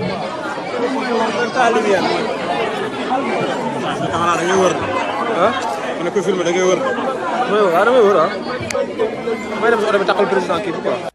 xanaa da ngay wër. ah ma ne ko film da ngay wër. mooy waaw damay wër ah. may dem si oto bi taxal président kii bi quoi.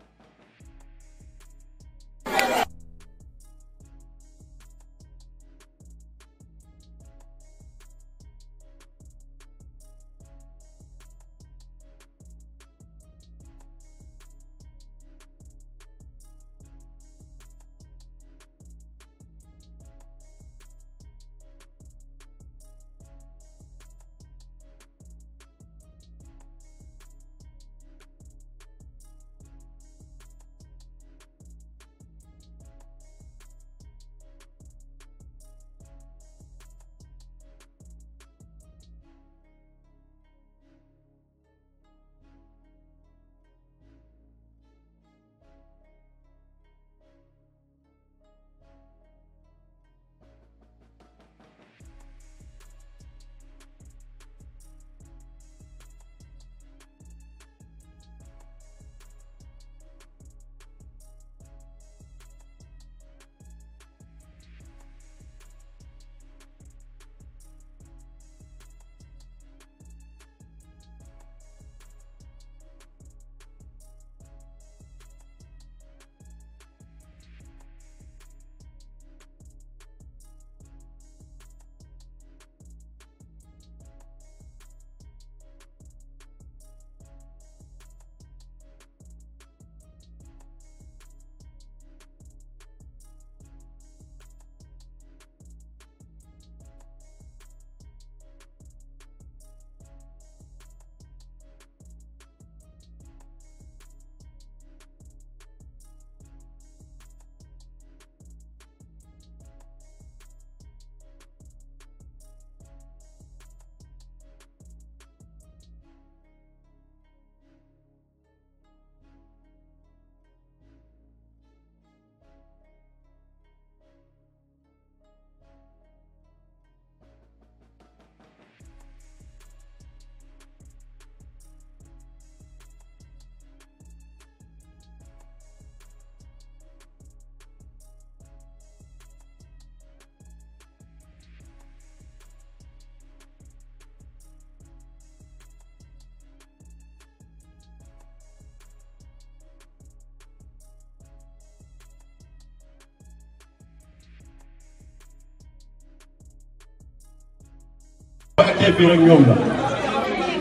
nekkee fii rek ñoom la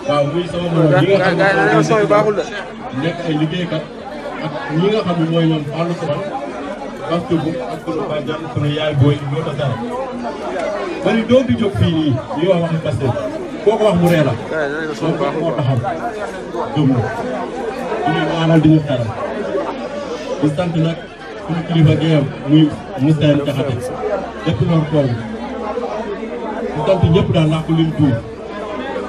waaw muy sama moroom ñi nga xam ne nekk ay liggéeykat ak ñi nga xam ne mooy ñoom Fallou Souban yaay booy ñoo tax dara ma ni doom di jóg fii nii ñuy wax waxi Pastef koo ko wax mu ree la moom ko moo taxaw jóg na ñu ñaanal di ñu xelal di sant muy Moustapha Diakhaté dëkk ñu tontu ñëpp daal ndax ku lim tuut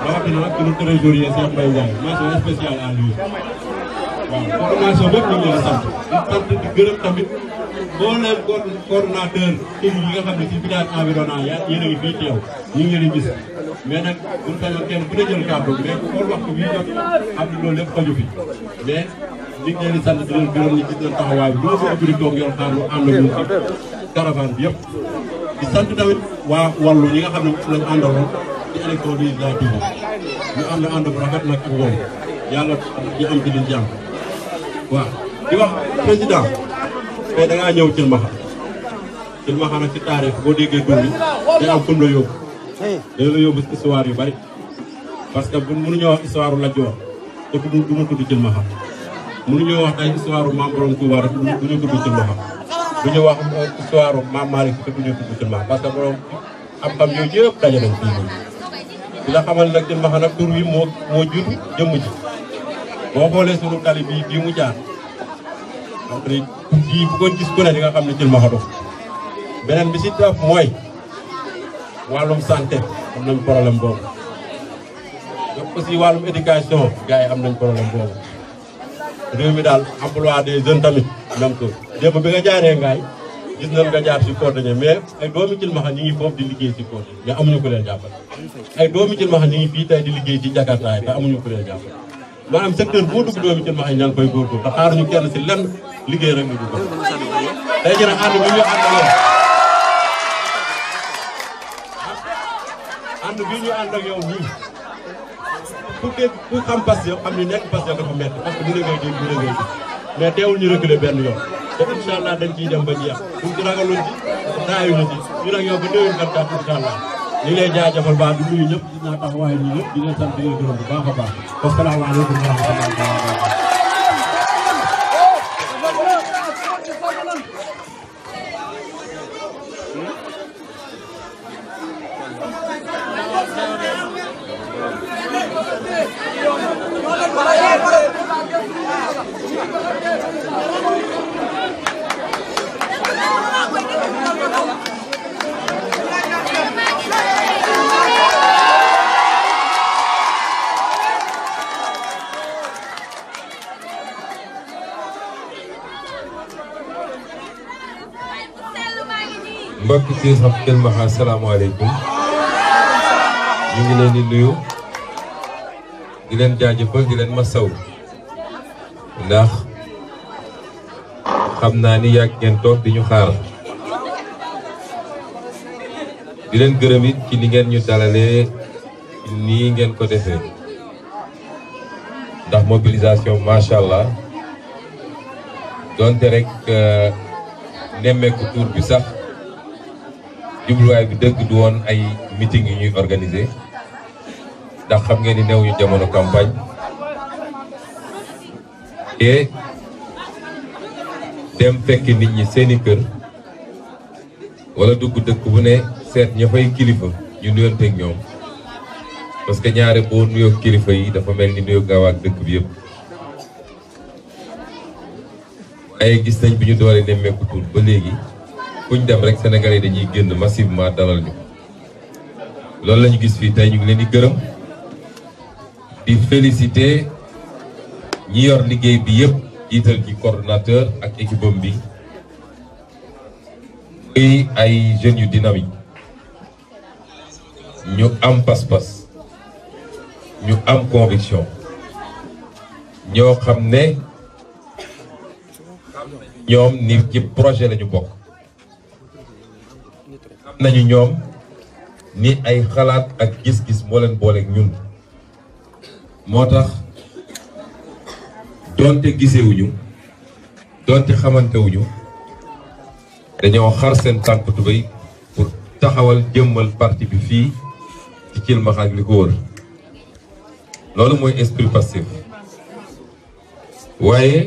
rawatina nag suñu trésorier Cheikh Mbaye Ndiaye mention spéciale à lui waaw coordination bépp ñu ngi leen sant di sant di gërëm tamit mboolem coordonnateur émi yi nga xam ne ci village environnant ya yéen a ngi fii teew ñu ngi leen di gis mais nag buñ sañoon kenn bu ne jël kàddu mais ku xool waxtu bii jot am na loolu lépp xaju fi mais ñu ngi leen di sant di leen gërëm ñu gis leen taxawaay bi bu ma ko ubbi di toog yor xaar lu ànd ak ñun ci caravane bi yëpp di sant tamit wa walu ñi nga xamne ne moom lañ àndaloon ci élection ñu ànd ànd rafet nak ak woon yalla ñu am ci liñ jàmm wa di wax président tey da ngaa ñëw cil maxa ci maxa nag ci bo boo déggee dund da am fum la yob da la ci soir yu bari parce que bu ñu wax histoire la jox te du mu tudd cil mu ñu wax tay histoire maam borom Touba du ñu tudd cil maxa duñu wax histoire maam Malick ci duñu tudd seulement parce que borom xam-xam yooyu yëpp daje nañ ci ni la xamal nak di ma tour tur wi mo moo jur jëmm ji bo xoolee suñu talib bii bi mu jaar xam ne bu ko gis ko ne nga xam ci jël ma xadu beneen bi ci topp moy walum santé am nañ problème bo donc ci walum éducation gaay am nañ problème bo réew mi dal emploi des jeunes tamit même tout démb bi nga jaaree ngaay gis na nga jaar si Cordonnier mais ay doomi cilmaxa ñi ngi foofu di liggéey ci Cordonnier mais amuñu ko leen jappal ay doomi cilmaxa ñi ngi fii tey di liggéey ci Jakarta ay amuñu ko leen jàppale maanaam secteur bo dugg doomi ci ñaa ñang koy ko te ñu kenn ci lenn liggéey rek ñu dugg tay jëna and ànd bi ñu àndaloon ànd bi ñu ànd ak yow ñi ku dégg ku xam pass yow xam ni nekk yow dafa metti parce que bu ne ngay dégg bu ne ngay dégg mais teewul ñu reculer benn yoon te incha allah dañ ciy dem ba jeex buñ a ragaluñ ci taayuñu ci ñu nag yow ba déwén kat kat incha allah ñu ngi lay jaajëfal baax ñëpp di naa taxawaay ñi ñëpp di leen sant di leen gërëm bu baax a baax asalaamaaleykum wa mbokk si xam ngeen ma asalaamaaleykum ñu ngi leen di nuyu di leen jaajëfal di leen masaw ndax xam naa ni yàgg ngeen toog di ñu xaar di leen gërëm it ci ni ngeen ñu dalalee nii ngeen ko defee ndax mobilisation macha allah donte rek nemmeeku tur bi sax. jubluwaay bi dëgg du woon ay meeting yu ñuy organiser ndax xam ngeen ni new ñu jamono campagne et dem fekk nit ñi seeni kër wala dugg dëkk bu ne seet ña fay kilifa ñu nuyonteeg ñoom parce que ñaare boo nuyoo kilifa yi dafa mel ni nuyoo gaawaak dëkk bi yëpp waaye gis nañ bu ñu doolee nemmeeku tuut ba léegi fuñ dem rek sénégalais dañuy génn massivement dalal ñu loolu lañu gis fi tay ñu ngi leen di gërëm di féliciter ñi yor liggéey bi yépp jiital ci coordonnateur ak équipe bi muy ay jeunes yu dynamique ñu am pas-pas ñu am conviction ñoo xam ne ñoom ni ci projet la ñu bokk jàpp nañu ñoom ni ay xalaat ak gis-gis moo leen booleeg ñun moo tax doonte gisewuñu doonte xamantewuñu dañoo xar seen tànk tubéy pour taxawal jëmmal parti bi fii ci cilmaxaaj li ko loolu mooy esprit passif waaye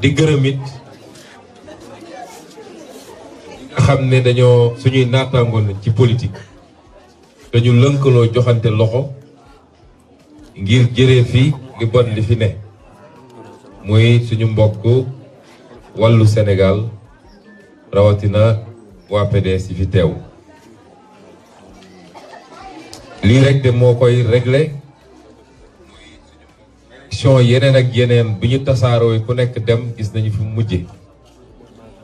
di gërëm xam ne dañoo suñuy naataangoon lañ ci politique dañu lënkaloo joxante loxo ngir jëree fi li bon li fi ne muy suñu mbokk wàllu senegal rawatina waa PDS yi fi teew lii rek de moo koy regle action yeneen ak yeneen bi ñu tasaaroo ku nekk dem gis nañu fi mu mujje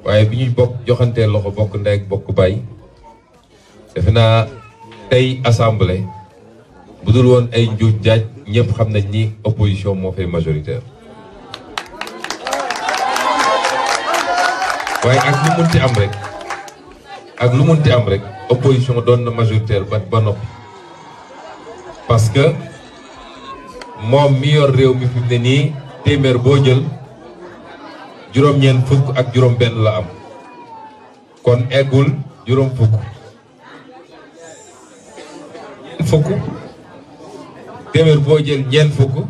waaye bi ñuy bokk joxantee loxo bokk ndey ak bokk baay defe naa tey assemblée bu dul woon ay njuuj njaaj ñëpp xam nañ ni opposition moo fay majoritaire waaye ak lu munti am ak lu munti am rek opposition doon na majoritaire ba ba noppi parce que moom mi yor réew mi fi mu ne nii téeméer boo jël juróom-ñeent fukk ak juróom-benn la am kon eggul juróom fukk fukk boo jël ñeent fukk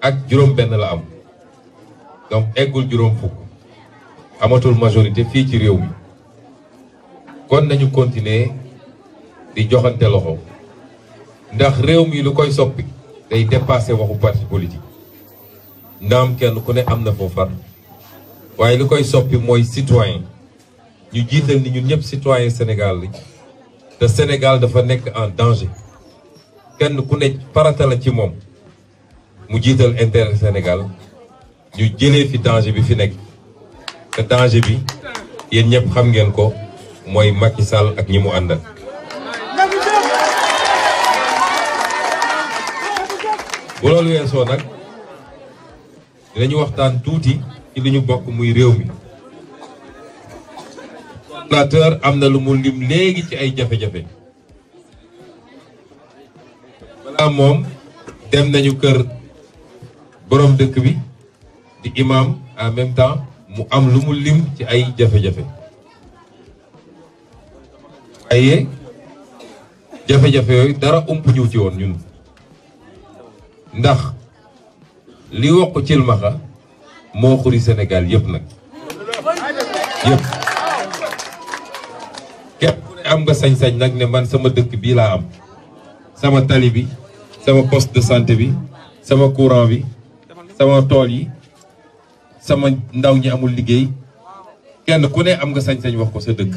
ak juróom la am donc eggul juróom fukk amatul majorité fii ci réew mi kon nañu continuer di joxante loxo ndax réew mi lu koy soppi tey dépasser waxu parti politique ndaam kenn ku ne am na foo far waaye li koy soppi mooy citoyen ñu jiital ni ñun ñëpp citoyen Sénégal lañ te Sénégal dafa nekk en danger kenn ku ne parantala ci moom mu jiital intérêt Sénégal ñu jëlee fi danger bi fi nekk te danger bi yéen ñëpp xam ngeen ko mooy Macky Sall ak ñi mu àndal. bu loolu weesoo nag dinañu waxtaan tuuti. ci li ñu bokk muy réew mi plateur am na lu mu lim léegi ci ay jafe-jafe balaa moom dem nañu kër boroom dëkk bi di imam en même temps mu am lu mu lim ci ay jafe-jafe waaye jafe-jafe yooyu dara um ñu ci woon ñun ndax li wokk cilmaxa moo xuri senegal yëpp nag yëpp képp ku ne am nga sañ-sañ nag ne man sama dëkk bii laa am sama tali bi sama post de santé bi sama courant bi sama tool yi sama ndaw ñi amul liggéey kenn ku ne am nga sañ-sañ wax ko sa dëkk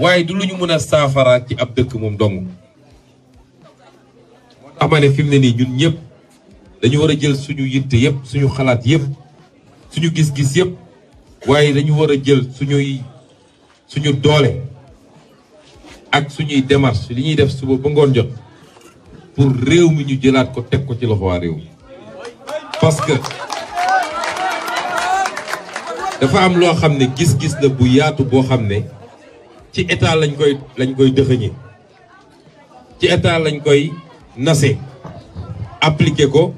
waaye du lu ñu mën a saafaraat ci ab dëkk moom dong amane fi mu ne nii jun ñëpp dañu war a jël suñu yitte yëpp suñu xalaat yëpp suñu gis-gis yépp waye dañu wara jël suñuy suñu doole ak suñuy démarche li ñuy def suba ba ngon jot pour réew mi ñu jëlaat ko tek ko ci loxo wa réew parce que dafa am lo xamné gis-gis la bu yaatu bo xamné ci état lañ koy lañ koy dëxëñe ci état lañ koy nase appliquer ko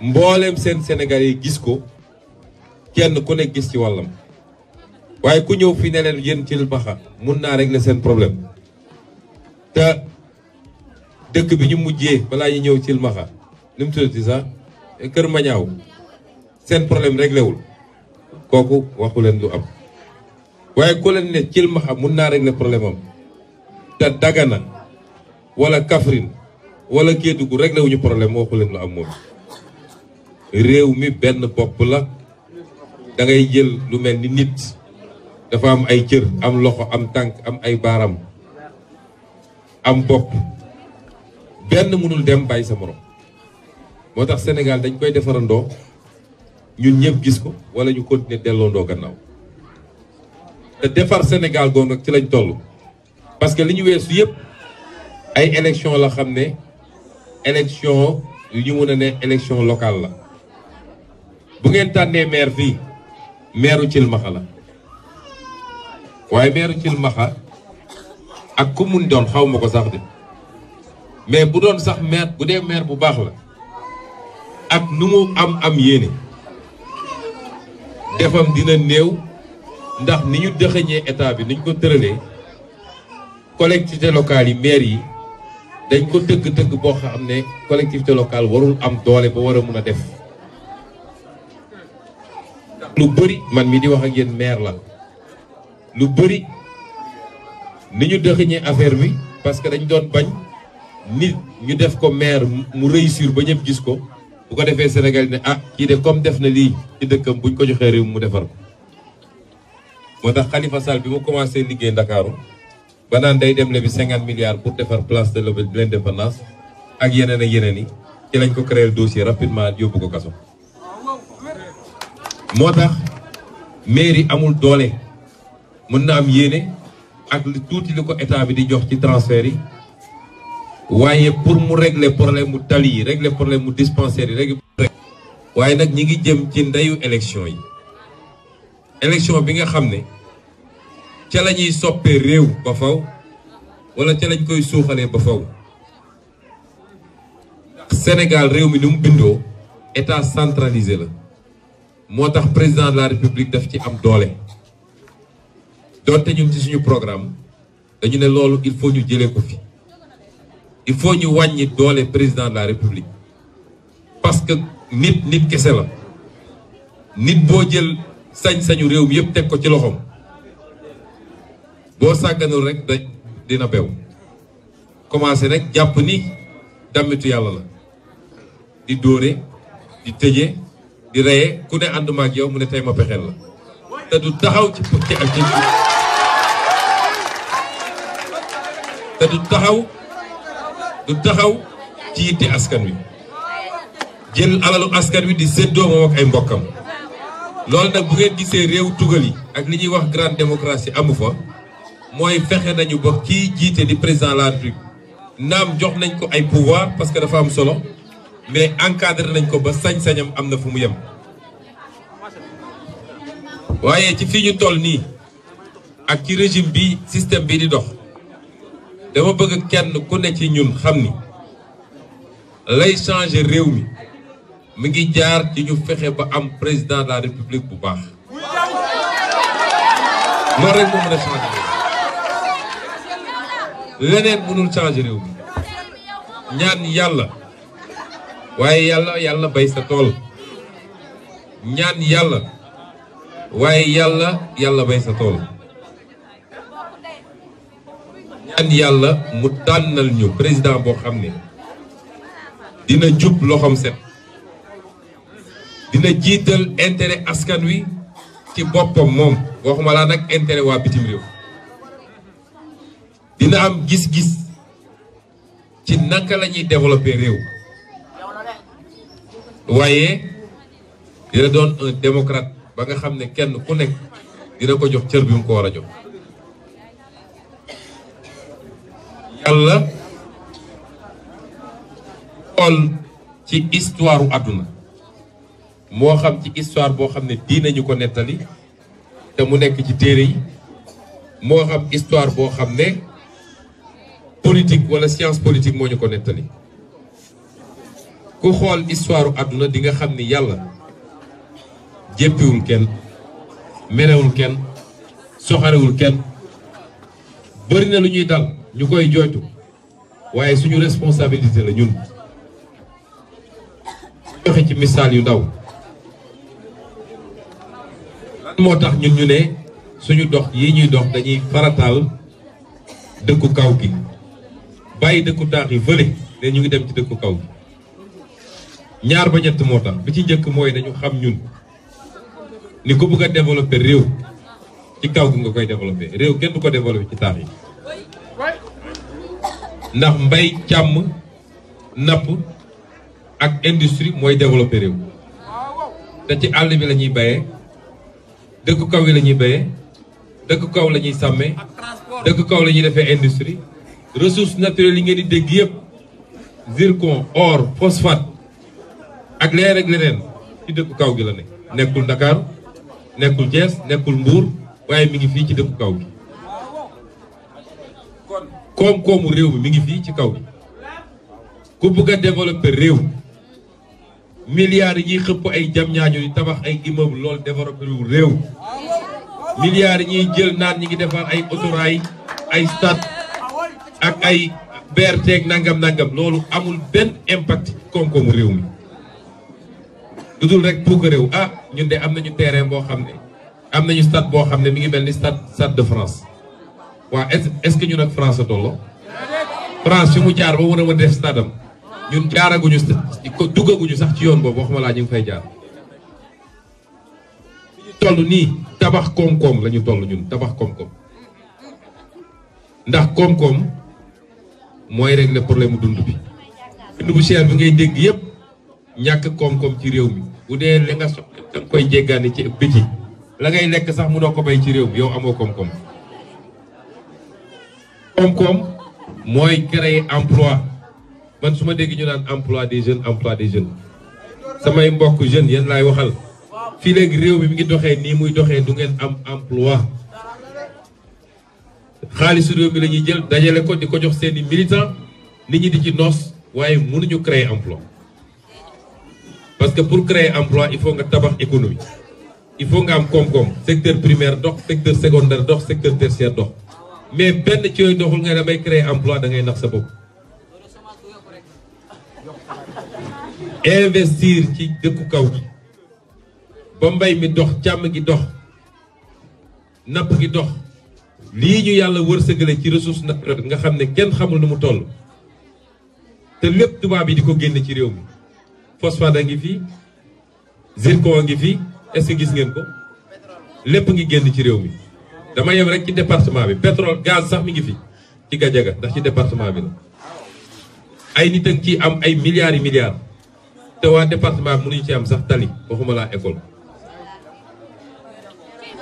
mbollem sen Sénégalais gis ko kenn ku nek gis ci walam waye ku ñew fi ne yeen yéen ci baxa mën na régler seen problème te dëkk bi ñu mujjé bala ñu ñew ci Cilmaxa li mu tuddati sax Kër Mañaaw seen problème réglé wul koku waxu len du am waye ku len ne mën na régler problème am Dagana wala kafrin wala Kédougou réglé wuñu problème waxu len lu am moom rew mi ben bop la. da ngay jël lu mel ni nit dafa am ay cër am loxo am tànk am ay baaram am bopp benn mënul dem bàyyi sa morom moo tax Sénégal dañ koy defarandoo ñun ñëpp gis ko wala ñu continuer delloondoo gannaaw te defar Sénégal goon nag ci lañ toll parce que li ñu weesu yëpp ay élection la xam ne élection yu ñu mën a ne élection locale la bu ngeen tànnee maire fii meeru Cilmaxa la waaye meeru Cilmaxa ak ku mun doon xaw ma ko sax de mais bu doon sax meer bu dee meer bu baax la ak nu mu am am yéene defam dina néew ndax ni ñu dëxëñee état bi ni ñu ko tëralee collectivité locale yi maire yi dañ ko tëgg-tëgg boo xam ne collectivité locale warul am doole ba war a mun a def lu beuri man mi di wax ak yeen maire la lu beuri ni ñu dëxiñee affaire bi parce que dañ doon bañ nit ñu def ko maire mu réussir ba ñep gis ko bu ko defee Sénégal né ah ki dé comme def na li ci dëkkam buñ ko joxé réew mu défar ko motax Khalifa Sall bi mu commencé liggéey Ndakaaru ba naan day dem lebi 50 milliards pour défar place de l'indépendance ak yeneen ak yeneen yi ci lañ ko créer dossier rapidement yobbu ko kasso motax tax maire amul doole mën na am yéene ak li tuuti li ko état bi di jox ci transfert yi waaye pour mu régler problème mu tali yi régler problème mu dispensaire yi régler waaye nag ñi ngi jëm ci ndeyu élection yi élection bi nga xam ne ca la ñuy soppee réew ba faw wala ca lañ koy suuxalee ba faw Sénégal réew mi ni mu bindoo état centralisé la suis président de la république ci am ci suñu programme dañu il faut ñu ko il faut ñu wañi doolé président de la république parce que nit nit nit faire jël sañ-sañu réew yépp ko ci loxom rek dina rek ni la di di reye ku ne ànduma ak yow mu ne tey ma pexeel la te du taxaw ci ci ak te du taxaw du taxaw ci yitte askan wi jël alalu askan wi di séddoo moom ak ay mbokkam loolu nag bu gisee réew tugal yi ak li ñuy wax grande démocratie amu fa mooy fexe nañu ba kii jiite di président la République naam jox nañ ko ay pouvoir parce que dafa am solo mais encadré nañ ko ba sañ-sañam am na fu mu yem waaye ci fii toll nii ak ci régime bi système bi di dox dama bëgg kenn ku ne ci ñun xam ni lay changer réew mi mu ngi jaar ci ñu fexe ba am président de la république bu baax loolu rek moo mën a changer réew mi leneen mënul changer réew mi ñaan yàlla waye yalla yalla bay sa tol ñaan yalla waye yalla yalla bay sa tol ñaan yalla mu tanal ñu président bo xam dina jup loxam set dina jital intérêt askan wi ci bopam mom waxuma la nak intérêt wa bitim rew dina am gis-gis ci naka lañuy développer rew waaye dina doon un ba nga xam ne kenn ku nekk dina ko jox cër bi mu ko war a jox yàlla xool ci histoire àdduna moo xam ci histoire boo xam ne diinañu ko nettali te mu nekk ci téere yi moo xam histoire boo xam ne politique wala science politique moo ñu ko nettali ku xool histoire àdduna di nga xam ni yàlla jéppiwul kenn merewul kenn soxarewul kenn bëri na lu ñuy dal ñu koy jooytu waaye suñu responsabilité la ñun joxe ci misaal yu ndaw moo tax ñun ñu ne suñu dox yi ñuy dox dañuy farataal dëkku kaw gi bàyyi dëkku taax yi fële ne ñu ngi dem ci dëkku kaw gi ñaar ba ñett moo tax bi ci njëkk mooy dañu xam ñun ni ko bëgg a développé réew ci kaw gi nga koy développé réew kenn du ko développé ci taax yi ndax mbay càmm napp ak industrie mooy développé réew te ci àll bi la ñuy bayee dëkk kaw yi lañuy ñuy bayee dëkk kaw la ñuy sàmmee dëkk kaw la ñuy defee industrie ressource naturelles yi ngeen di dégg yëpp zircon or phosphate ak leer ak leneen ci dëkku kaw gi la ne nekkul ndakaar nekkul Thiès nekkul Mbour waaye mi ngi fii ci dëkku kaw gi koom-koomu réew mi mi ngi fii ci kaw gi ku bëgg a réew milliards yi ñuy ay jam ñaajo tabax ay immeuble loolu développer wu réew milliards yi ñuy jël naan ñi ngi defar ay autorail ay stade ak ay BRT ak nangam nangam loolu amul benn impact koom-koomu réew mi du dul rek pour que réew ah ñun de am nañu terrain boo xam ne am nañu stade boo xam ne mi ngi mel ni stade stade de France waa est-ce que ñun ak France a tolloo France fi mu jaar ba mën a ma def stade am ñun jaaraguñu duggaguñu sax ci yoon boobu waxuma laa ñu ngi fay jaar. toll nii tabax koom-koom la ñu toll ñun tabax koom-koom ndax koom-koom mooy régler problème mu dund bi dund bu cher bi ngay dégg yépp ñàkk koom-koom ci réew mi bu dee li nga soxla da nga koy jéggaani ci biti la ngay lekk sax mënoo ko bay ci réew mi yow amoo koom-koom mooy créer emploi man su ma dégg ñu naan emploi des jeunes emploi des jeunes samay mbokk jeunes yéen laay waxal fii léegi réew mi mi ngi doxee nii muy doxee du ngeen am emploi xaalisu réew mi la jël dajale ko di ko jox seeni militant li ñi di ci noos waaye mënuñu créer emploi parce que pour créer emploi il faut nga tabax économie il faut nga am koom secteur primaire dox secteur secondaire dox secteur tertiaire dox mais ben ci yooyu doxul nga damay créer emploi da ngay nax sa investir ci dëkku kaw gi ba mbay mi dox cham gi dox napp gi dox lii ñu yàlla wërsëgale ci ressource nga xamné ne kenn xamul nu mu toll te lepp tuba bi diko ko ci réew mi. phosphate a ngi fi zircon a ngi fi est gis ngeen ko lépp ngi génn ci réew mi dama yem rek ci département bi pétrole gaz sax mi ngi fi ci Gadiaga ndax ci département bi la ay nit ak ci am ay milliards yi milliards te waa département bi ni ci am sax tali waxuma laa école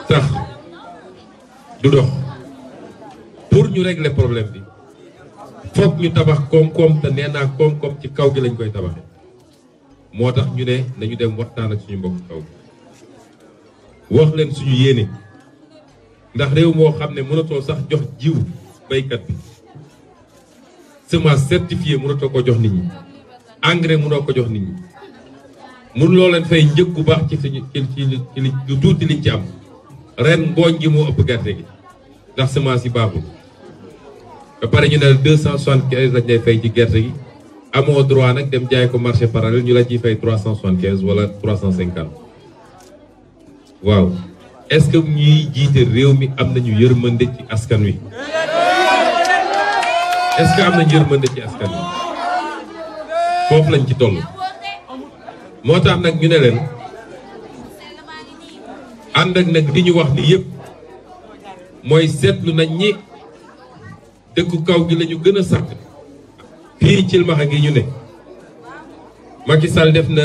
tax du dox pour ñu régler problème bi foog ñu tabax koom-koom te nee naa koom-koom ci kaw gi lañ koy tabaxee moo tax ñu ne nañu dem waxtaan ak suñu mbokk kaw wax leen suñu yéene ndax réew moo xam ne mënatoo sax jox jiw baykat bi semence certifiée mënatoo ko jox nit ñi engrais mënoo ko jox nit ñi mënuloo leen fay njëg bu baax ci suñu ci ci lu tuuti liñ ci am ren mbooñ gi moo ëpp gerte gi ndax semence yi baaxul ba pare ñu ne deux cent soixante quinze lañ lay fay ci gerte gi amo droit nak dem jaay ko marché parallèle ñu la ci fay 375 wala 350 waaw est-ce que ñi jité réew mi am nañu yërmande ci askan wi est-ce que am nañu yërmande ci askan wi foofu lañ ci tollu moo nak ñu ne leen ak nak diñu wax ni yépp moy sétlu nañ ñi dekk kaw gi lañu gëna sakk fii cilmaxa gi ñu ne Macky Sall def na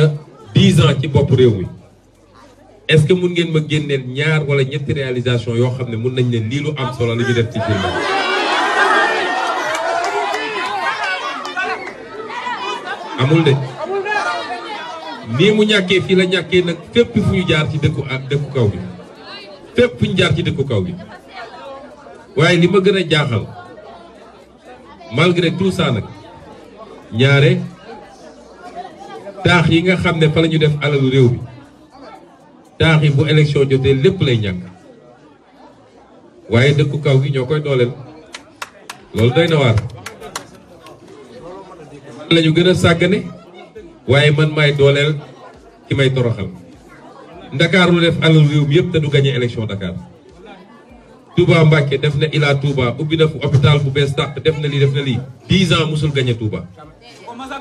dix ci bopp réew mi est-ce que mun ngeen ma génneel ñaar wala ñetti réalisation yoo xam ne mën nañ leen lii lu am solo la ñu def ci cilmaxa amul de nii mu ñàkkee fii la ñàkkee nag fépp fu ñu jaar ci dëkku ak dëkku kaw bi fépp fu ñu jaar ci dëkku kaw bi waaye li ma gën a jaaxal malgré tout ça nag ñaare taax yi nga xam ne fa la ñu def alalu réew bi taax yi bu élection jotee lépp lay ñàkk waaye dëkku kaw gi ñoo koy dooleel loolu day na lañu man la ñu gën a sàggane waaye man maay dooleel ki may toroxal ndakaaru def alalu réew mi yëpp te du gagné élection Dakar Touba Mbacké def na Ila Touba ubbi na fu opital bu bees tàq def na lii def na lii 10 ans musul gagné Touba.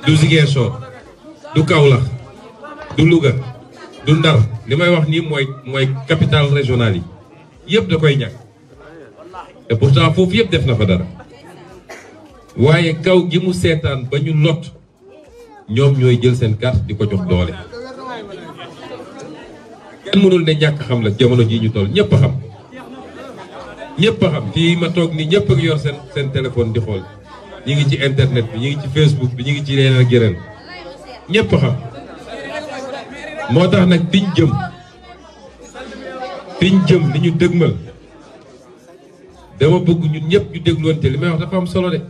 du Ziguinchor du la du Louga du Ndar li may wax nii mooy mooy capitale régionale yi yëpp da koy ñàkk te pourtant foofu yëpp def na fa dara waaye kaw gi mu seetaan ba ñu lot ñoom ñooy jël seen carte di ko jox doole. kenn mënul ne ñàkk xam la jamono jii ñu toll ñëpp xam. ñëpp a xam fii ma toog nii ñëpp a ngi yor seen seen téléphone di xool ñi ngi ci internet bi ñu ngi ci facebook bi ñi ngi ci yeneen ak yeneen ñëpp a xam moo tax nag fiñ jëm fiñ jëm li ñu dëgmal dama bëgg ñun ñëpp ñu dégluwante li may wax dafa am solo de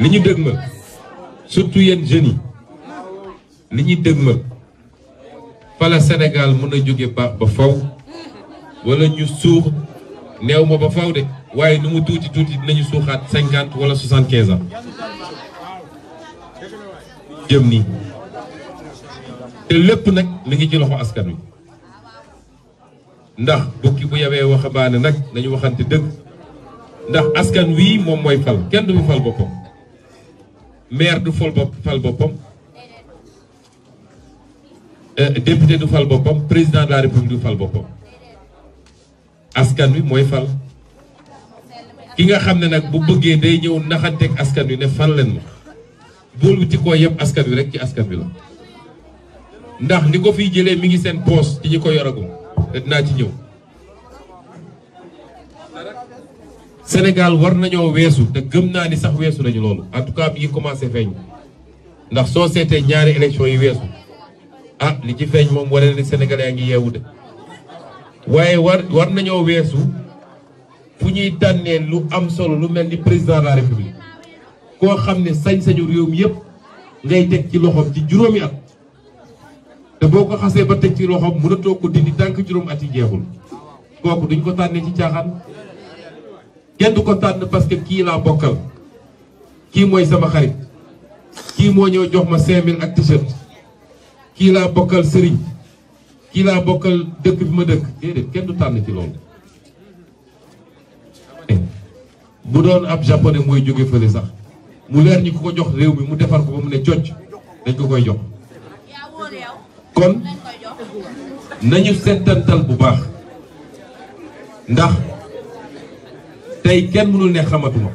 li ñu dëgmal surtout yenn jeunes yi li ñuy dëgmal fa la mën a jóge baax ba faw wala ñu suux neew ma ba faw de waaye nu mu tuuti tuuti dinañu suuxaat 50 wala 75 ans jëm nii te lépp nag mi ngi ci loxo askan wi ndax bukki bu yabee waxambaane nag nañu waxante dëgg ndax askan wi moom mooy fal kenn du fal boppam maire du fal bopp fal boppam euh, député du fal boppam président de la république du fal boppam askan wi mooy fal ki nga xam ne nag bu bëggee day ñëw naxanteeg askan wi ne fal leen ma bool wuti koo yëpp askan wi rek ci askan wi la ndax li ko fi jëlee mi ngi seen poos ci ñi ko yoragum te dinaa ci ñëw senegal war nañoo weesu te gëm naa ni sax weesu nañu loolu en tout cas mi ngi commencé feeñ ndax soo seetee ñaari élection yi weesu ah li ci feeñ moom waree ni Sénégalais a ngi yeewu de waye war war nañu wessu fu ñuy lu am solo lu melni ni président de la république ko xam sañ-sañu réew mi ngay tek ci loxom ci juroomi at te boko xasse ba tek ci loxoom mënatoo ko dindi tank juroom at yi jeexul kooku duñ ko tanne ci caaxaan kenn du ko tanne parce que ki la bokal ki moy sama xarit ki mo ñëw jox ma 5000 ak t-shirt ki la bokal serigne kii laa bokkal dëkk bi ma dëkk déedéet kenn du tànn ci loolu bu doon ab japonais mooy jóge fële sax mu leer ñi ku ko jox réew mi mu defar ko mu ne cocc dañ ko koy jox kon nañu settantal bu baax ndax tey kenn mënul ne xamatuma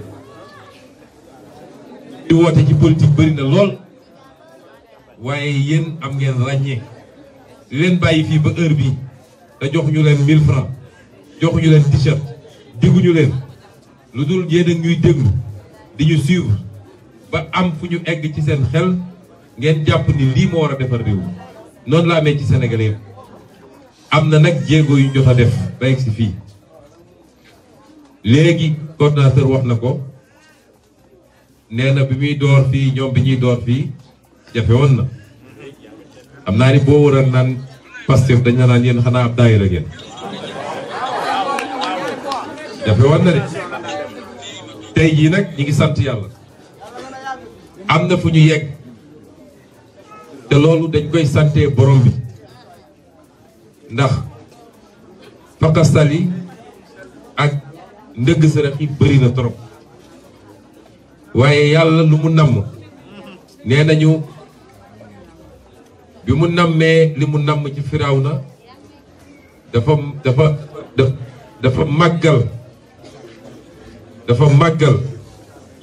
di woote ci politique bëri na lool waaye yéen am ngeen ràññee li leen bàyyi fii ba heure bi te joxuñu leen 1000 francs joxuñu leen t-shirt dégguñu leen lu dul yéen a ñuy déglu di ñu suivre ba am fu ñu egg ci seen xel ngeen jàpp ni lii moo war a defar réew noonu la amee ci Sénégalais am na nag jéego yu jox a def ba egg si fii léegi coordonnateur wax na ko nee na bi muy door fii ñoom bi ñuy door fii jafe woon na amna ni bo woran nan pasteur dañ na nan yeen xana ab daayira ngeen jafe woon na de tay yi nak ñi ngi sant yalla amna fu ñu yegg te lolu dañ koy sante borom bi ndax fakastal yi ak ndëgg sërëx yi bari na torop waye yalla lu mu nam neenañu bi mu nammee li mu namm ci Firawna dafa dafa dafa màggal dafa màggal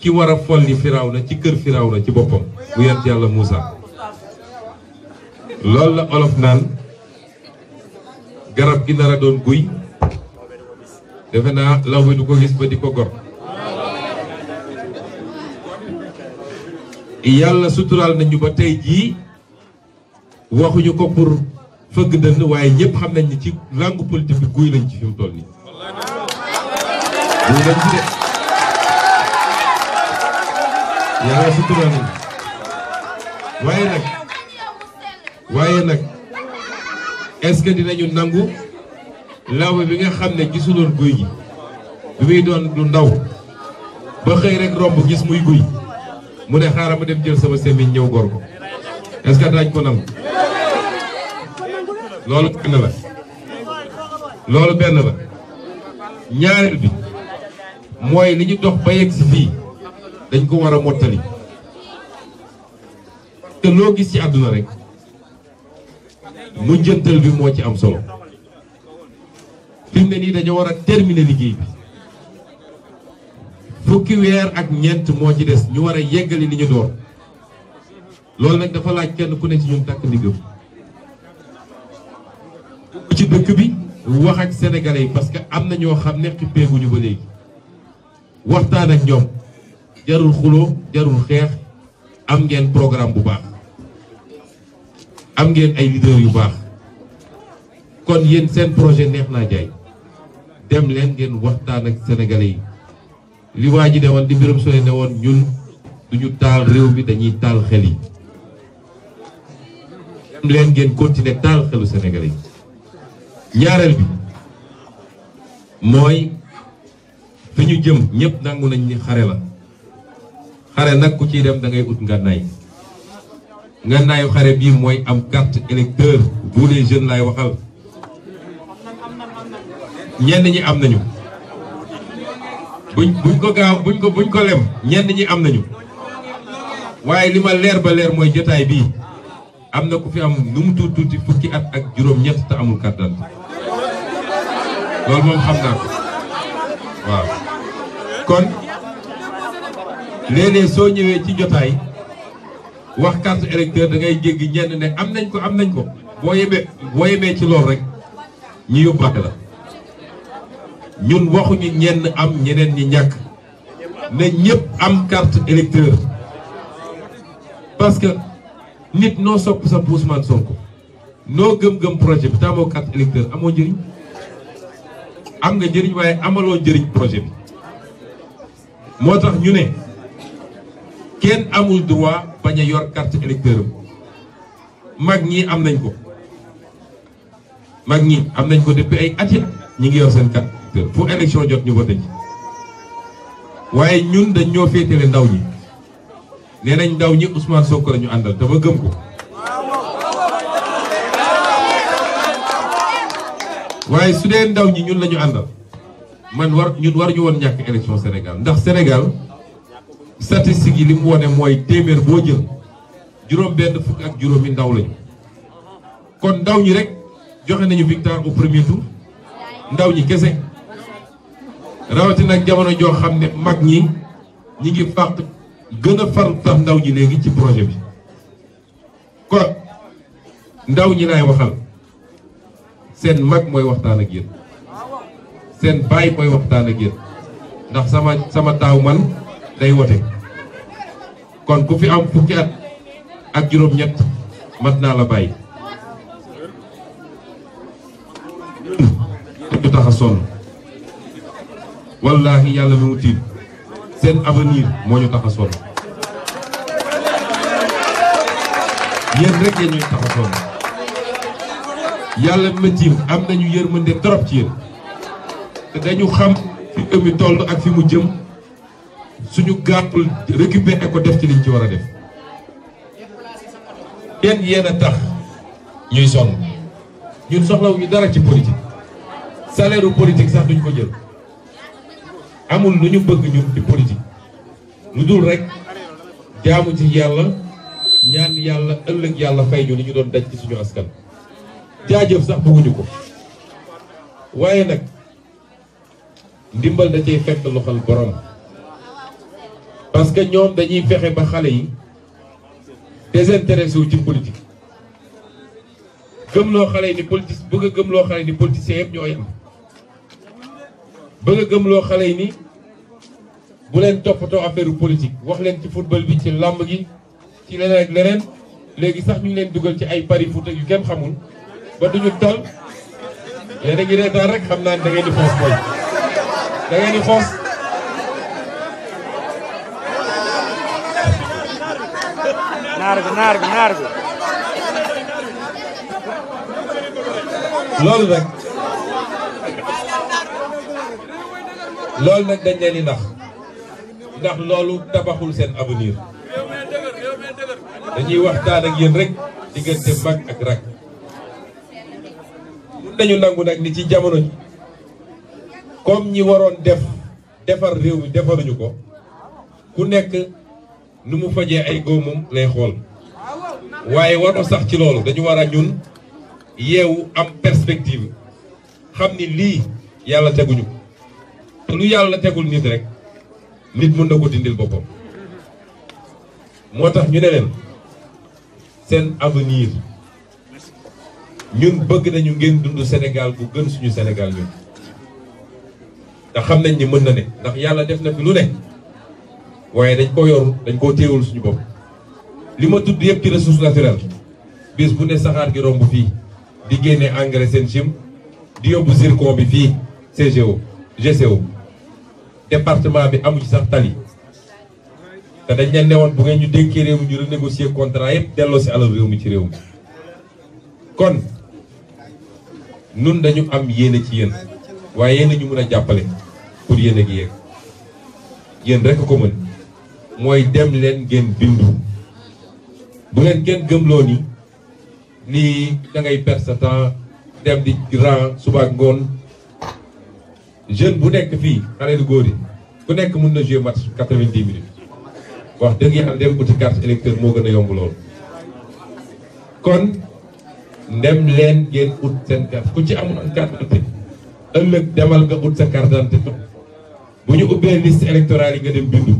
ki war a fol ni Firawna ci kër na ci boppam mu yent yàlla Moussa loolu la olof naan garab gi nar a doon guy defe naa law bi du ko gis ba di ko gor yàlla suturaal nañu ba tey jii waxuñu ko pour fëgg dënn waaye ñëpp xam nañ ni ci langue politique bi guy lañ ci fi mu toll nii. waaye nag waaye nag est-ce que dinañu nangu laaw bi nga xam ne gisuloon guy gi bi muy doon du ndaw ba xëy rek romb gis muy guy mu ne xaaral ma dem jël sama semmiñ ñëw gor ko est-ce ko nangu. loolu benn la loolu benn la ñaareel bi mooy li ñu dox ba yegg si fii dañ ko war a mottali te loo gis ci àdduna rek mu njëntal bi moo ci am solo fi mu ne nii terminer liggéey bi fukki weer ak ñeent moo ci des ñu war a yeggali li ñu door loolu nag dafa laaj kenn ku ne ci ñun tàkk ndiggam dëkk bi wax ak sénégalais yi parce que am na ñoo xam ne xippeeguñu ba léegi waxtaan ak ñoom jarul xuloo jarul xeex am ngeen programme bu baax am ngeen ay leader yu baax kon yéen seen projet neex naa jaay dem leen ngeen waxtaan ak sénégalais yi li waa ji demoon di mbirum sole ne woon ñun duñu taal réew mi dañuy taal xel yi dem leen ngeen continuer taal xelu sénégalais yi ñaareel bi mooy fi ñu jëm ñëpp nangu nañ ni xare la xare nag ku ciy dem da ngay ut ngànnaay ngànnaayu xare bii mooy am carte électeur bu les jeunes laay waxal ñenn ñi am nañu buñ buñ ko gaaw buñ ko buñ ko lem ñenn ñi am nañu waaye li ma leer ba leer mooy jotaay bii am na ku fi am nu mu tuuti tuuti fukki at ak juróom-ñett te amul carte loolu moom xam naa ko waaw kon léeg soo ñëwee ci jotaay wax carte électeur da ngay jéggi ñenn ne am nañ ko am nañ ko boo yemee boo yemee ci loolu rek ñu yóbbaale la ñun waxuñu ñenn am ñeneen ñi ñàkk ne ñëpp am carte électeur parce que nit noo sopp sa Ousmane Sonko noo gëm-gëm projet bi taamoo carte électeur amoo njëriñ am nga jëriñ waaye amaloo jëriñ projet bi moo tax ñu ne kenn amul droit bañ a yor carte électeur am mag ñi am nañ ko mag ñi am nañ ko depuis ay at ñi ngi yor seen carte électeur fu élection jot ñu voté waaye ñun dañ ñoo féetale ndaw ñi nee nañ ndaw ñi Ousmane Sonko la ñu àndal te ma gëm ko waaye su ndaw ñi ñun lañu àndal man war ñun war ñu woon ñàkk élection Sénégal ndax Sénégal statistique yi li mu wone mooy téeméer boo jël juróom benn fukk ak juróomi ndaw lañu kon ndaw ñi rek joxe nañu victoire au premier tour ndaw ñi kese rawatina nag jamono joo xam ne mag ñi ñi ngi fàq gën a far ndaw ñi léegi ci projet bi kon ndaw ñi laay waxal seen mag mooy waxtaan ak yéen seen baay mooy waxtaan ak yéen ndax sama sama taaw man day wote kon ku fi am fukki at ak juróom-ñett mat naa la bàyyi. du tax a sonn wallaahi yàlla mi mu tiit seen avenir moo ñu tax a sonn yéen rek yéen ñuy tax sonn yàlla na ci am nañu yërmande trop ci yéen te dañu xam fi réew mi ak fi mu jëm suñu gàppul récupérer ko def ci liñ ci war a def yéen yéen a tax ñuy sonn ñun soxlawuñu dara ci politique salaire u sax duñ ko jël amul lu ñu bëgg ñun ci politique lu dul rek jaamu ci yàlla ñaan yàlla ëllëg yàlla fay ñu li ñu doon daj ci suñu askan jaajëf sax bëgguñu ko waaye nag ndimbal da cay fekk loxol borom parce que ñoom dañuy fexe ba xale yi désintéressé wu ci politique gëmloo xale yi ni politi bëgg a gëmloo xale yi ni politiciens yëpp ñoo yem bëgg a gëmloo xale yi ni bu leen toppatoo affaire politique wax leen ci football bi ci làmb gi ci leneen ak leneen léegi sax ñu leen dugal ci ay pari foot ak yu kenn xamul ba duñu tol yéen a ngi reetaan rek xam naa ne da ngeen di xoos mooy naar bi naar bi loolu nag loolu nag dañ leen di nax ndax loolu tabaxul seen avenir dañuy waxtaan ak yéen rek diggante mag ak rak dañu nangu nag ni ci jamono ji comme ñi waroon def defar réew mi defaruñu ko ku nekk nu mu fajee ay góomam lay xool waaye waroo sax ci loolu dañu war a ñun yeewu am perspective xam ni lii yàlla teguñu ko te lu yàlla tegul nit rek nit mën na ko dindil boppam moo tax ñu ne leen seen avenir ñun bëgg nañu ngeen dund Sénégal bu gën suñu Sénégal ñun ndax xam nañ ni mën na ne ndax yàlla def na fi lu ne waaye dañ ko yor dañ koo téewul suñu bopp li ma tudd yëpp ci ressource naturelle bis bu ne saxaar gi romb fii di génne engrais seen chim di yóbbu zircon bi fii CGO GCO département bi amu ci sax tali te dañ leen ne woon bu ngeen ñu dénkee réew mi ñu renégocier contrat yëpp delloo si alal réew mi ci réew mi kon nun dañu am yéene ci yéen waaye yéen ñu mën a jàppale pour yéen ak yéeg yéen rek ko mën mooy dem leen ngeen bindu bu leen kenn gëmloo ni nii da ngay perte sa temps dem di grand suba ak ngoon jeune bu nekk fii xale du góor yi bu nekk mun na jouer match quatre-vingt-dix minutes wax dëgg yàlla dem uti carte électeur moo gën a yomb lool kon ndem leen ngeen ut seen carte ku ci amul carte d'identité ëllëg nga ut sa carte d'identité bu ñu ubbee liste électorale yi nga dem bindu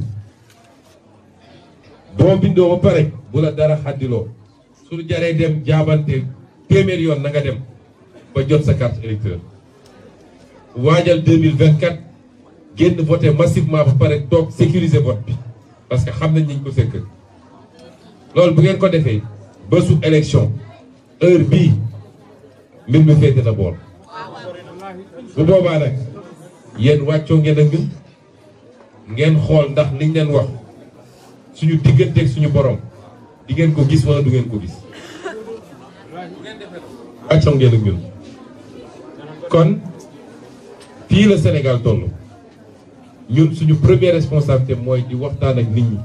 boo bindoo ba pare bu la dara xaddiloo su jaree dem jaabante téeméer yoon nanga dem ba jot sa carte électeur waajal 2024 génn voté massivement ba pare toog sécuriser vote bi parce que xam nañ ni ñu ko sekk loolu bu ngeen ko defee bésu élection heure bi mbir mi féete na bor. bu boba nak yeen wàccoo ngeen ak ñun ngeen xol ndax liñ len wax suñu digganteeg suñu borom di ngeen ko gis wala du ngeen ko gis wàccoo ngeen ak kon fi le Sénégal tollu ñun suñu première responsabilité moy di waxtaan ak nit ñi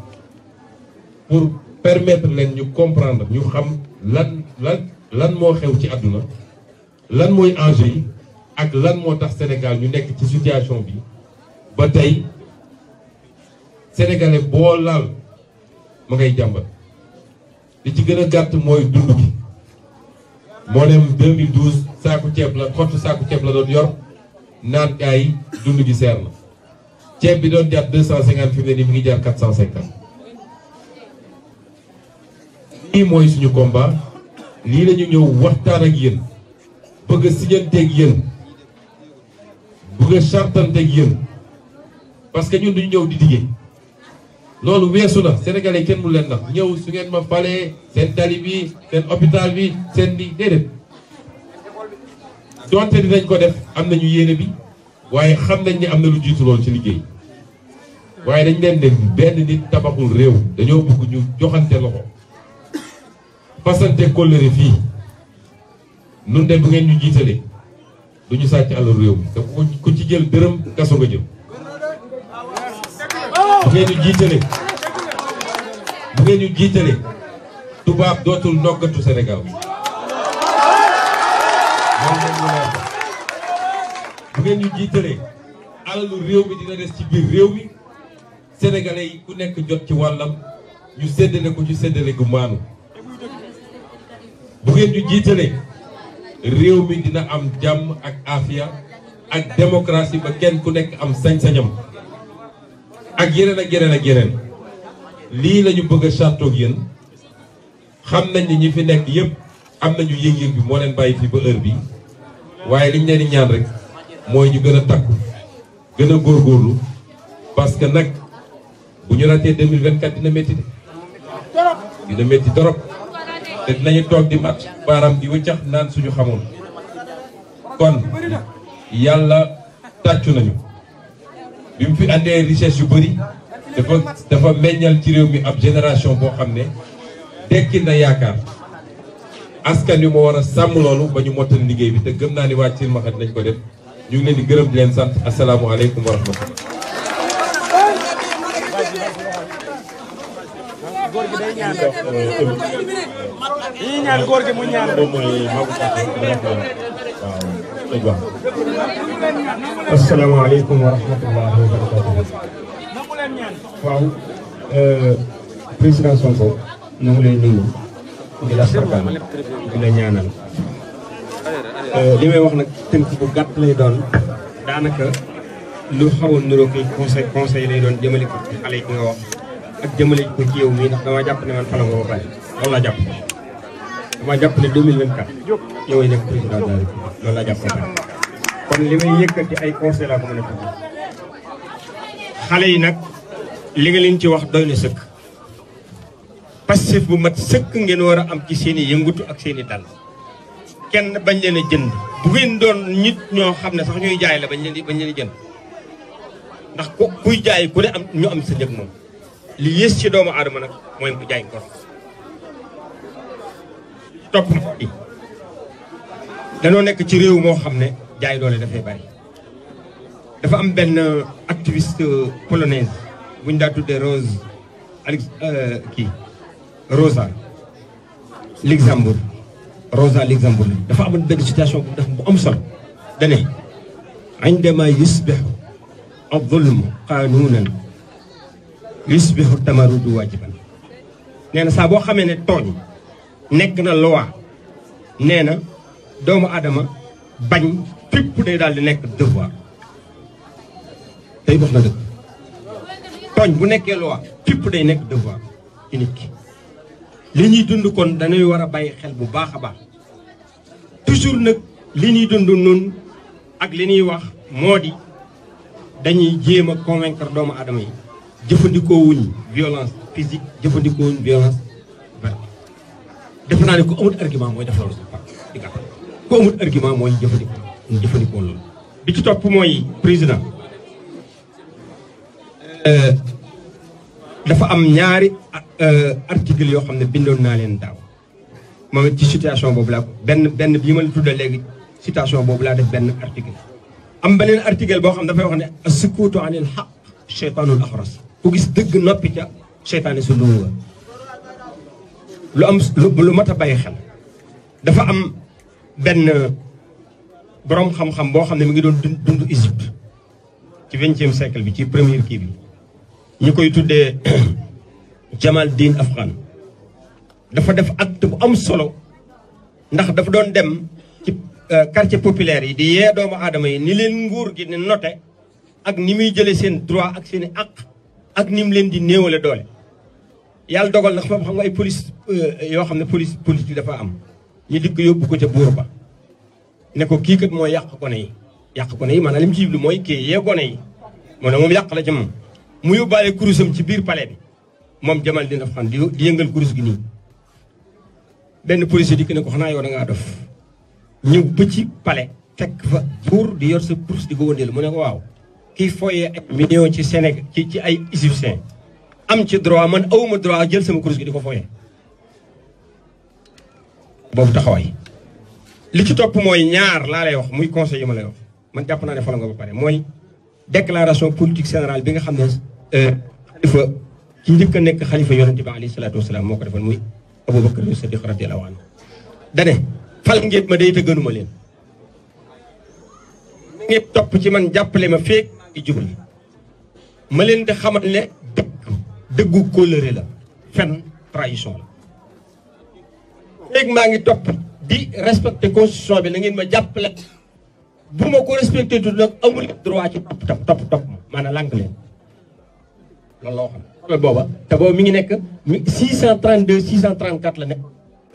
pour permettre len ñu comprendre ñu xam lan lan lan mo xew ci aduna lan moy enjeu yi ak lan mo tax Sénégal ñu nekk ci situation bi ba tey sénégalais bo lal ma ngay jàmbat li ci gëna gatt moy mooy dund gi moo dem 2012 saaku ceeb la xottu saaku ceeb la doon yor naan gaa yi dund gi seer na ceeb bi doon jar 250 fi mu mi ngi jar 450. lii mooy suñu combat. lii lañu ñëw waxtaan ak yéen bëgg a sijanteeg yéen bëgg a chartanteeg yéen parce que ñun duñu ñëw di dige loolu weesu na sénégalais kenn mu leen ndax ñëw su ngeen ma falee seen tali bi seen hôpital bi seen di déedéet donte dinañ ko def am nañu yéene bi waaye xam nañ ni am na lu jiitu loolu ci liggéey waaye dañ leen ne benn nit tabaxul réew dañoo bëgg ñu joxante loxo fasante kóllëre fii nun de bu ngeen ñu jiitale du ñu sàcc alal ci jël dërëm kaso nga jëm bu ngeen ñu jiitale alalu réew mi dina des ci biir réew mi sénégalais yi ku nekk jot ci wàllam ñu séddale ko ci seddale gu bu ngeen ñu jiitalee réew mi dina am jàmm ak aafiya ak démocratie ba kenn ku nekk am sañ-sañam ak yeneen ak yeneen ak lii lañu bëgg a chartoog xam nañ ni ñu fi nekk yépp am nañu yëg-yëg bi moo leen bàyyi fi ba bi waaye liñ leen di ñaan rek mooy ñu gën a takku gën a góorgóorlu parce que nag bu ñu ratee 2024 dina métti de dina métti torop te dinañu toog di mat baaram di wëccax naan suñu xamul kon yàlla tàccu nañu bi mu fi andee richesse yu bëri dafa dafa meññal ci réew mi ab génération boo xam ne dekki na yaakaar askan wi moo war a sàmm loolu ba ñu mottali liggéey bi te gëm naa ni waa Thiel Makhad nañ ko def ñu ngi leen di gërëm leen sant asalaamualeykum wa rahmatullah góor gi day wa rahmatulah waaw président Sonko ñu ngi lay nuyu di la sargal di la ñaanal li may wax nag tënk bu gàtt lay doon daanaka lu xaw a niróo conseil conseil lay doon jëmale ko xale yi nga wax ak jëmale ko ci yow mii ndax jàpp ne man fala nga jàpp dama jàpp ne 2024 yow ay laa jàpp ba pare kon li may yëkkati ay conseil ne ko xale yi nag li nga leen ci wax doy na sëkk passif bu mat sëkk ngeen war a am ci seen i yëngutu ak seeni i dal kenn bañ leen a jënd bu doon nit ñoo xam ne sax ñuy jaay la bañ leen bañ leen a jënd ndax ku kuy jaay ku ne am ñu am sa njëg moom li yées ci doomu aadama nag mooy mu jaay ngor topp bi danoo nekk ci réew moo xam ne jaay doole dafay bari dafa am benn activiste polonaise bu ñu daa tuddee Rose Alex kii Rosa Luxembourg Rosa Luxembourg dafa amoon benn situation bu def bu am solo dane indama yusbihu الظلم قانونا yusbihu tamarudu waajiban nee na saa boo xamee ne tooñ nekk na loi nee na doomu aadama bañ fépp day daal di nekk devoir tey wax na dëgg tooñ bu nekkee loi fépp day nekk devoir ci ki li ñuy dund kon dañuy war a bàyyi xel bu baax a baax toujours nag li ñuy dund nun ak li ñuy wax moo di dañuy jéem a convaincre doomu aadama yi jëfandikoo wuñ violence physique jëfandikoo violence verbale def naa ne ku amut argument mooy def loolu sax jëfandikoo ñu jëfandikoo bi ci topp mooy président euh, dafa am ñaari euh, article yoo xam ne bindoon naa leen daaw moom it ci situation boobu laa benn benn bi ma la tuddee léegi situation boobu laa def benn article am beneen article boo xam ne dafay wax ne as-sukuutu anil haqq shaytaanul ku gis dëgg noppi ca seytaane su lumu nga lu am lu mat a bay xel dafa am benn boroom xam-xam boo xam ne mu ngi doon dund Égypte ci vingtième siècle bi ci première kii bi ñu koy tuddee Jamal Din Afghan dafa def acte bu am solo ndax dafa doon dem ci euh, quartier populaire yi di yee doomu aadama yi ni leen nguur gi ni note ak ni muy jëlee seen droit ak seen i àq ak ni leen di néewale doole yàlla dogal na xam nga ay police euh, yoo xam ne police police bi dafa am ñu dikk yóbbu ko ca buur ba ne ko kii kat mooy yàq gone yi yàq gone yi maanaam li mu ci jublu mooy kii yee gone yi moo ne moom yàq la ci moom mu yóbbaale kurusam ci biir palais bi moom jamal dina xam di yëngal kurus gi nii benn policier dikk ne ko xanaa yow da ngaa dof ñëw ba ci palais fekk fa buur di yor sa kurus di ko wëndeel mu ne ko waaw kiy foyee ay million ci Sénégal ci ci ay égyptiens am ci droit man awuma droit jël sama kurus gi di ko foyee boobu taxawaay li ci topp mooy ñaar laa lay muy conseil yu ma la wax man jàpp naa ne fala nga ba pare mooy déclaration politique générale bi nga xam ne xalifa euh, ci njëkk nekk xalifa yonente bi alayhi salaatu wasalaam moo defoon muy Aboubacar Sadiq radiyallahu anhu dane fal ngeen ma day te gënuma leen ngeen topp ci man jàppale ma feek di jubli ma leen te xamal ne dëggu kóllëre la fen trahison la léegi maa ngi topp di respecté constitution bi na ngeen ma jàppale bu ma ko respecté du nag amul droit ci topp topp topp topp ma maanaam lànk leen loolu la waxoon problème booba te boobu mi ngi nekk 632 la nekk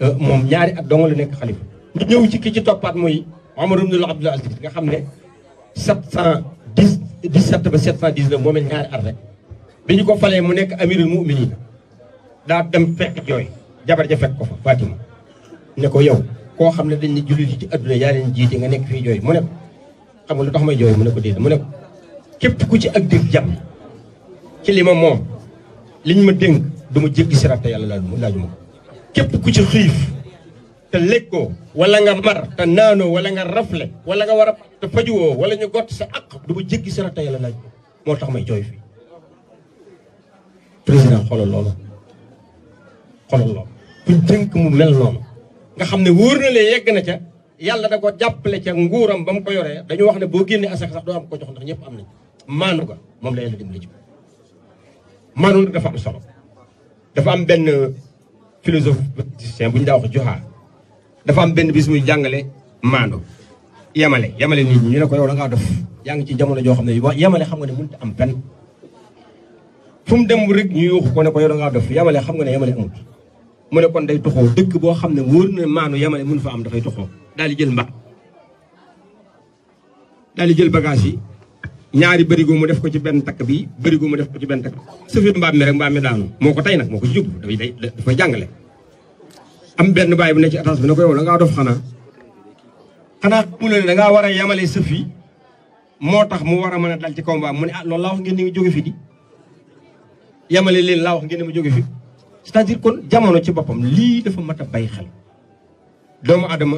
euh, moom ñaari at dong la nekk xalifa ñu ci ki ci toppaat muy Omar ibn Abdul Aziz nga xam ne 710 17 ba 719 moom it ñaari at rek bi ñu ko falee mu nekk amirul muminin daa dem fekk jooy jabar ja fekk ko fa Fatima ne ko yow koo xam ne dañ ne jullit yi ci adduna yaa leen jiite nga nekk fii jooy mu ne ko xam nga lu tax may jooy mu ne ko déedéet mu ne ko képp ku ci ak dégg jàmm ci li ma moom liñ ma dénk du ma jéggi sirata yàlla laaju ma ko képp ku ci xiif te lekkoo wala nga mar te naanoo wala nga rafle wala nga war a te fajuwoo wala ñu gott sa aq du bu jéggi sa rajo yàlla laaj moo tax may jooy fii président xoolal loolu xoolal loolu kuñ dénk mu mel noonu nga xam ne wóor na lee yegg na ca yàlla da ko jàppale ca nguuram ba mu ko yoree dañu wax ne boo génnee asaka sax doo am ko jox ndax ñëpp am nañ maanu ga moom la yàlla dimbali ci maanu nag dafa am solo dafa am benn philosophe bu ñu daa wax joxaa dafa am benn bis muy jàngale maando yemale yamale nit ñi ñu ne ko yow da ngaa dof yaa ngi ci jamono joo xam ne yamale xam nga ne mënut am pen fu mu dem rek ñu yuuxu ko ne ko yow ngaa dof yemale xam nga ne yemale amut mu ne kon day toxoo dëkk boo xam ne wóor na maano yemale mun fa am dafay toxoo daal di jël mbat daal jël bagage yi ñaari bërigo mu def ko ci benn takk bi bërigo mu def ko ci benn takk safir mbaam mi rek mbaam mi daanu moo ko tey nag moo ko ci jàngale am benn baay bu ne ci atas bi ne ko yow da ngaa dof xanaa xanaa mu ne da ngaa war a yemale sa fii moo tax mu war a mën a dal ci combat mu ne ah loolu laa wax ngeen ni jóge fi di yamale leen laa wax ngeen ni ma jóge fi c'est-à-dire kon jamono ci boppam lii dafa mat a bàyyi xel doomu adama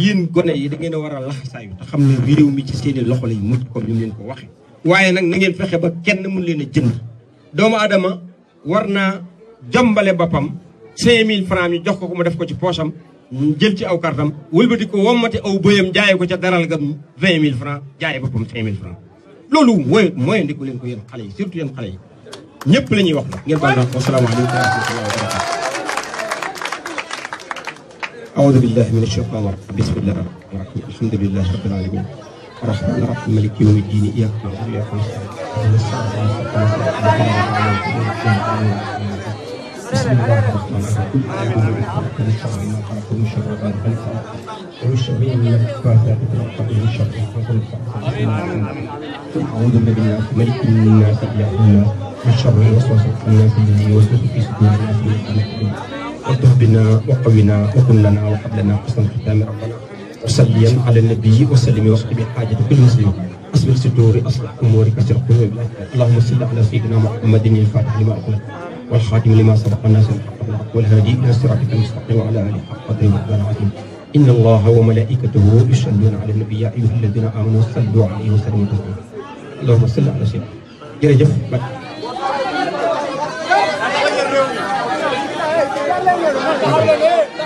yéen gone yi da ngeen a war a yu te xam ne réew mi ci seeni loxo lay mucc comme ni mu leen ko waxee. waaye nag na ngeen fexe ba kenn mun leen a jënd doomu adama war naa jombale boppam. 5000 francs ñu jox ko ko mu def ko ci poosam jël ci aw kartam wëlbati ko wommati aw bëyam jaay ko ca daral ga 20000 francs jaay boppam 5000 loolu mooy mooy ndiku ko yéen xale yi surtout yéen yi ñëpp la ñuy wax la ngeen baal na wasalaamaaleykum wa rahmatullahi wa barakatu أعوذ بالله من الشيطان الرجيم بسم الله الرحمن بسم الله الرحمن الرحيم أعوذ بالله من شر ما خلق من شر ما خلق ومن شر ما خلق من شر ما خلق أعوذ بالله ملك الناس إله الناس من شر الوسواس الخناس الذي يوسوس في صدور الناس من خلق واطه بنا وقونا وكن لنا وهب لنا حسن الختام ربنا وسلم على النبي وسلم وصحبه حاجة كل مسلم أصبر ستوري أصلح أموري كسر قلوبي اللهم صل على سيدنا محمد الفاتح لما أقول والخاتم لما سبق الناس الحق بالحق والهادي الى صراطك المستقيم وعلى اله حق طيب قدره مقدار عظيم ان الله وملائكته يصلون على النبي يا ايها الذين امنوا صلوا عليه وسلموا تسليما اللهم صل على سيدنا jërëjëf bat